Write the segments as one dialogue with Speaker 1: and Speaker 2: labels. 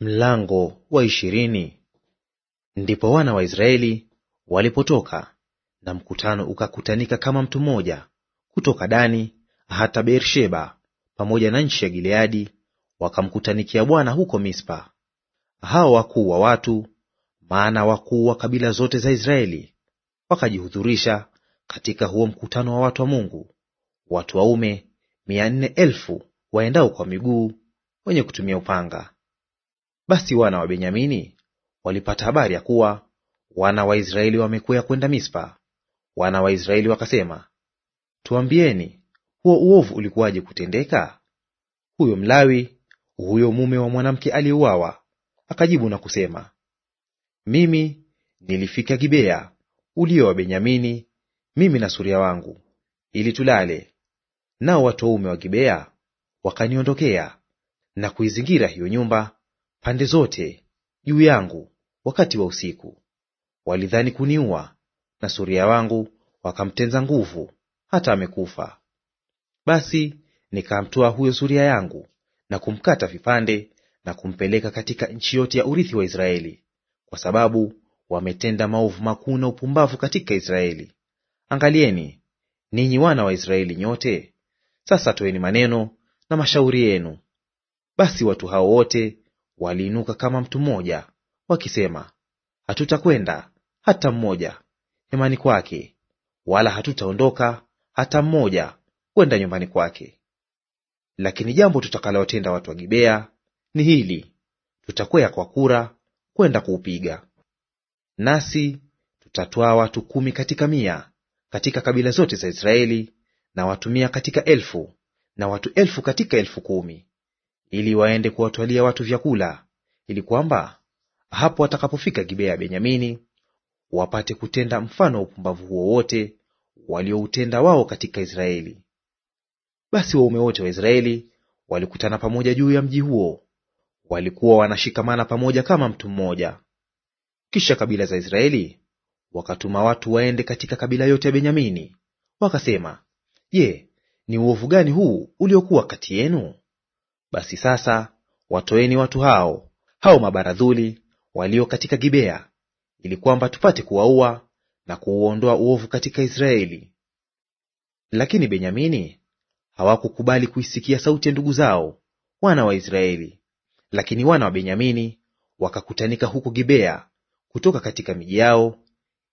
Speaker 1: Mlango wa ishirini. Ndipo wana wa Israeli walipotoka na mkutano ukakutanika kama mtu mmoja kutoka Dani hata Beersheba pamoja na nchi ya Gileadi wakamkutanikia Bwana huko Mispa. Hao wakuu wa watu, maana wakuu wa kabila zote za Israeli, wakajihudhurisha katika huo mkutano wa watu wa Mungu, watu waume mia nne elfu waendao kwa miguu wenye kutumia upanga basi wana wa Benyamini walipata habari ya kuwa wana wa Israeli wamekwea kwenda Mispa. Wana wa Israeli wakasema, tuambieni, huo uovu ulikuwaje kutendeka? Huyo Mlawi, huyo mume wa mwanamke aliyeuawa, akajibu na kusema, mimi nilifika Gibea ulio wa Benyamini, mimi na suria wangu, ili tulale, nao watu waume wa Gibea wakaniondokea na kuizingira hiyo nyumba pande zote juu yangu wakati wa usiku. Walidhani kuniua, na suria wangu wakamtenza nguvu, hata amekufa. Basi nikamtoa huyo suria yangu na kumkata vipande na kumpeleka katika nchi yote ya urithi wa Israeli, kwa sababu wametenda maovu makuu na upumbavu katika Israeli. Angalieni ninyi wana wa Israeli nyote, sasa toeni maneno na mashauri yenu. Basi watu hao wote waliinuka kama mtu mmoja, wakisema, hatutakwenda hata mmoja hemani kwake, wala hatutaondoka hata mmoja kwenda nyumbani kwake. Lakini jambo tutakalowatenda watu wa Gibea ni hili, tutakwea kwa kura kwenda kuupiga. Nasi tutatwaa watu kumi katika mia katika kabila zote za Israeli, na watu mia katika elfu, na watu elfu katika elfu kumi, ili waende kuwatwalia watu vyakula, ili kwamba hapo watakapofika Gibea ya Benyamini wapate kutenda mfano wa upumbavu huo wote walioutenda wao katika Israeli. Basi waume wote wa Israeli walikutana pamoja juu ya mji huo, walikuwa wanashikamana pamoja kama mtu mmoja. Kisha kabila za Israeli wakatuma watu waende katika kabila yote ya Benyamini, wakasema, Je, ni uovu gani huu uliokuwa kati yenu? Basi sasa watoeni watu hao hao mabaradhuli walio katika Gibea, ili kwamba tupate kuwaua na kuuondoa uovu katika Israeli. Lakini Benyamini hawakukubali kuisikia sauti ya ndugu zao wana wa Israeli, lakini wana wa Benyamini wakakutanika huko Gibea kutoka katika miji yao,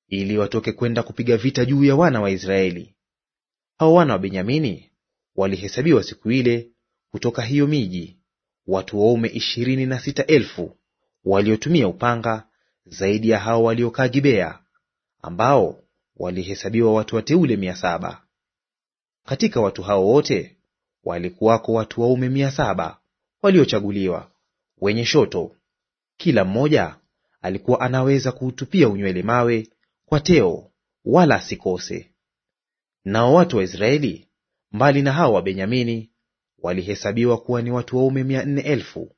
Speaker 1: ili watoke kwenda kupiga vita juu ya wana wa Israeli. Hao wana wa Benyamini walihesabiwa siku ile kutoka hiyo miji watu waume ishirini na sita elfu waliotumia upanga zaidi ya hao waliokaa Gibea, ambao walihesabiwa watu wateule mia saba. Katika watu hao wote walikuwako watu waume mia saba waliochaguliwa wenye shoto, kila mmoja alikuwa anaweza kuutupia unywele mawe kwa teo, wala asikose. Nao watu wa Israeli mbali na hao wa Benyamini walihesabiwa kuwa ni watu waume mia nne elfu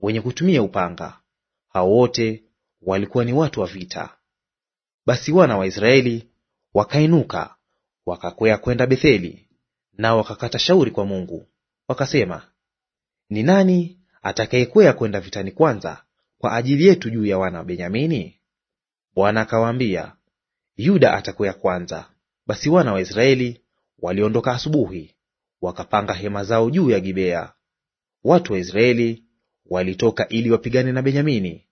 Speaker 1: wenye kutumia upanga; hao wote walikuwa ni watu wa vita. Basi wana wa Israeli wakainuka wakakwea kwenda Betheli, nao wakakata shauri kwa Mungu, wakasema, ni nani atakayekwea kwenda vitani kwanza kwa ajili yetu juu ya wana wa Benyamini? Bwana akawaambia, Yuda atakwea kwanza. Basi wana wa Israeli waliondoka asubuhi wakapanga hema zao juu ya Gibea. Watu wa Israeli walitoka ili wapigane na Benyamini,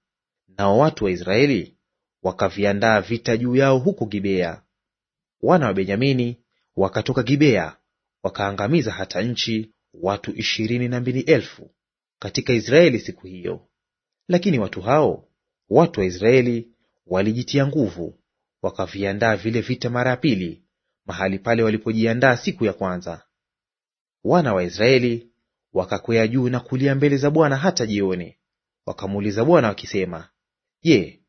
Speaker 1: nao watu wa Israeli wakaviandaa vita juu yao huko Gibea. Wana wa Benyamini wakatoka Gibea wakaangamiza hata nchi watu ishirini na mbili elfu katika Israeli siku hiyo. Lakini watu hao, watu wa Israeli, walijitia nguvu, wakaviandaa vile vita mara ya pili mahali pale walipojiandaa siku ya kwanza. Wana wa Israeli wakakwea juu na kulia mbele za Bwana hata jioni. Wakamuuliza Bwana wakisema, Je,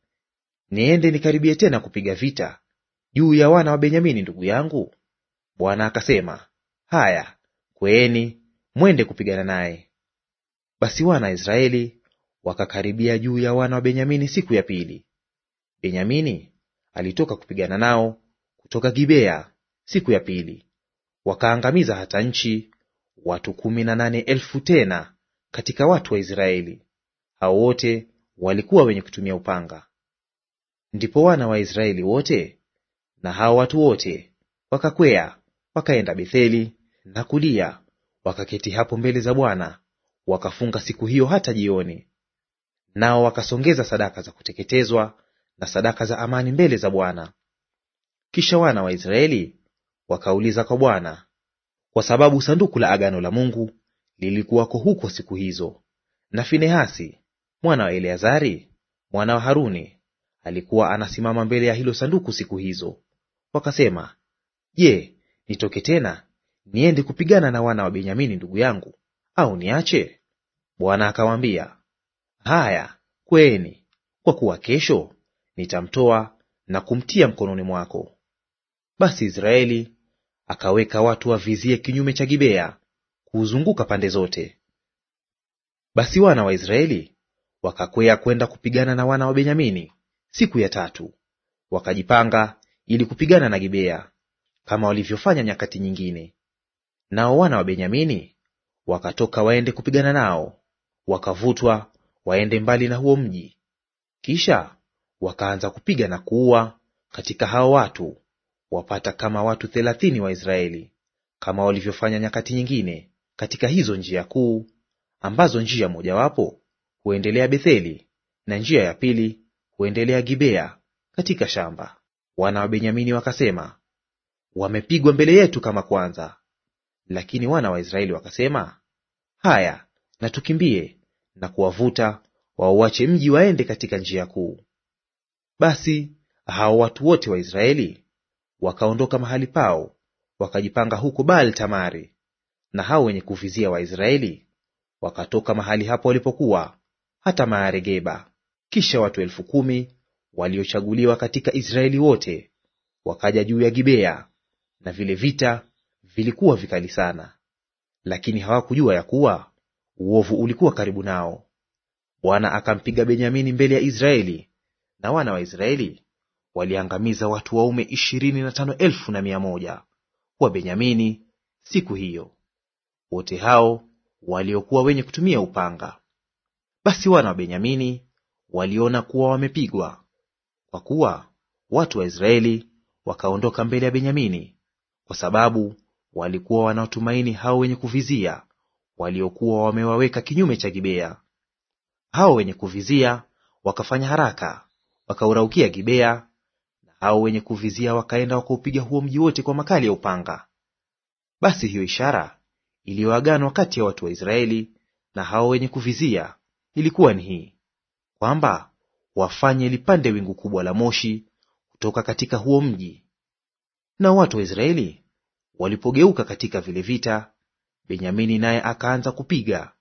Speaker 1: niende nikaribie tena kupiga vita juu ya wana wa Benyamini ndugu yangu? Bwana akasema, Haya, kweeni mwende kupigana naye. Basi wana wa Israeli wakakaribia juu ya wana wa Benyamini siku ya pili. Benyamini alitoka kupigana nao kutoka Gibea siku ya pili, wakaangamiza hata nchi watu kumi na nane elfu tena katika watu wa Israeli; hao wote walikuwa wenye kutumia upanga. Ndipo wana wa Israeli wote na hao watu wote wakakwea wakaenda Betheli na kulia, wakaketi hapo mbele za Bwana, wakafunga siku hiyo hata jioni. Nao wakasongeza sadaka za kuteketezwa na sadaka za amani mbele za Bwana. Kisha wana wa Israeli wakauliza kwa Bwana, kwa sababu sanduku la agano la Mungu lilikuwako huko siku hizo. Na Finehasi mwana wa Eleazari mwana wa Haruni alikuwa anasimama mbele ya hilo sanduku siku hizo. Wakasema, Je, nitoke tena niende kupigana na wana wa Benyamini ndugu yangu, au niache? Bwana akawaambia, haya kweni, kwa kuwa kesho nitamtoa na kumtia mkononi mwako. Basi Israeli akaweka watu wavizie kinyume cha Gibea kuuzunguka pande zote. Basi wana wa Israeli wakakwea kwenda kupigana na wana wa Benyamini siku ya tatu, wakajipanga ili kupigana na Gibea kama walivyofanya nyakati nyingine. Nao wana wa Benyamini wakatoka waende kupigana nao, wakavutwa waende mbali na huo mji. Kisha wakaanza kupiga na kuua katika hao watu wapata kama watu thelathini wa Israeli, kama walivyofanya nyakati nyingine katika hizo njia kuu, ambazo njia mojawapo huendelea Betheli na njia ya pili huendelea Gibea katika shamba. Wana wa Benyamini wakasema, wamepigwa mbele yetu kama kwanza. Lakini wana wa Israeli wakasema, haya, na tukimbie na kuwavuta wauache mji waende katika njia kuu. Basi hao watu wote wa Israeli wakaondoka mahali pao wakajipanga huko Baal Tamari. Na hao wenye kuvizia Waisraeli wakatoka mahali hapo walipokuwa hata Maaregeba. Kisha watu elfu kumi waliochaguliwa katika Israeli wote wakaja juu ya Gibea, na vile vita vilikuwa vikali sana, lakini hawakujua ya kuwa uovu ulikuwa karibu nao. Bwana akampiga Benyamini mbele ya Israeli, na wana wa Israeli waliangamiza watu waume ishirini na tano elfu na mia moja wa Benyamini siku hiyo, wote hao waliokuwa wenye kutumia upanga. Basi wana wa Benyamini waliona kuwa wamepigwa, kwa kuwa watu wa Israeli wakaondoka mbele ya Benyamini, kwa sababu walikuwa wanatumaini hao wenye kuvizia waliokuwa wamewaweka kinyume cha Gibea. Hao wenye kuvizia wakafanya haraka wakauraukia Gibea hao wenye kuvizia wakaenda wakaupiga huo mji wote kwa makali ya upanga. Basi hiyo ishara iliyoaganwa kati ya watu wa Israeli na hao wenye kuvizia ilikuwa ni hii, kwamba wafanye lipande wingu kubwa la moshi kutoka katika huo mji. Na watu wa Israeli walipogeuka katika vile vita, Benyamini naye akaanza kupiga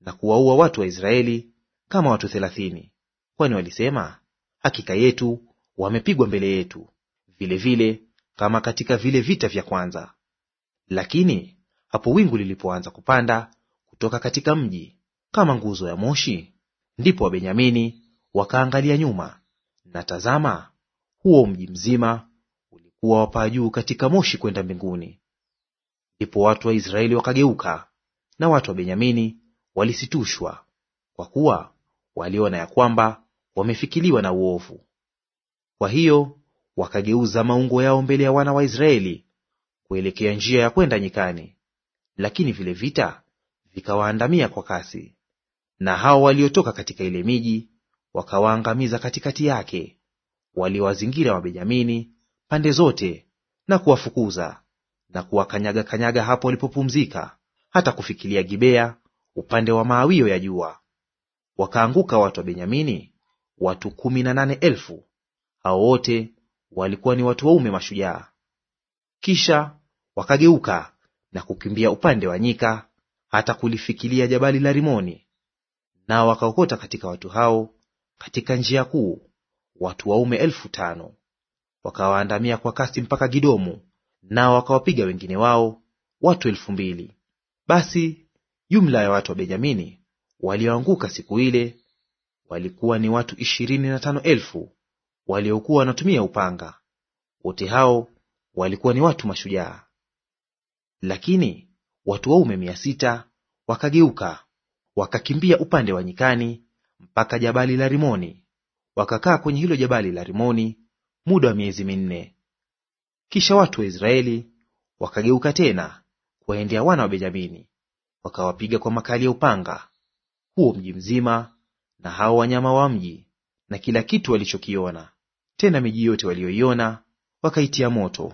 Speaker 1: na kuwaua watu wa Israeli kama watu thelathini, kwani walisema, hakika yetu wamepigwa mbele yetu, vile vile kama katika vile vita vya kwanza. Lakini hapo wingu lilipoanza kupanda kutoka katika mji kama nguzo ya moshi, ndipo Wabenyamini wakaangalia nyuma, na tazama, huo mji mzima ulikuwa wapaa juu katika moshi kwenda mbinguni. Ndipo watu wa Israeli wakageuka, na watu wa Benyamini walisitushwa, kwa kuwa waliona ya kwamba wamefikiliwa na uovu. Kwa hiyo wakageuza maungo yao mbele ya wana wa Israeli kuelekea njia ya kwenda nyikani, lakini vile vita vikawaandamia kwa kasi, na hao waliotoka katika ile miji wakawaangamiza katikati yake. Waliwazingira Wabenyamini pande zote na kuwafukuza na kuwakanyaga kanyaga hapo walipopumzika, hata kufikilia Gibea upande wa maawio ya jua. Wakaanguka watu wa Benyamini watu kumi na nane elfu hao wote walikuwa ni watu waume mashujaa. Kisha wakageuka na kukimbia upande wa nyika hata kulifikilia jabali la Rimoni, nao wakaokota katika watu hao katika njia kuu watu waume elfu tano. Wakawaandamia kwa kasi mpaka Gidomu, nao wakawapiga wengine wao watu elfu mbili. Basi jumla ya watu wa Benyamini walioanguka siku ile walikuwa ni watu ishirini na tano elfu waliokuwa wanatumia upanga. Wote hao walikuwa ni watu mashujaa. Lakini watu waume mia sita wakageuka wakakimbia upande wa nyikani mpaka jabali la Rimoni, wakakaa kwenye hilo jabali la Rimoni muda wa miezi minne. Kisha watu wa Israeli wakageuka tena kuwaendea wana wa Benyamini, wakawapiga kwa makali ya upanga huo mji mzima na hao wanyama wa mji na kila kitu walichokiona tena miji yote waliyoiona wakaitia moto.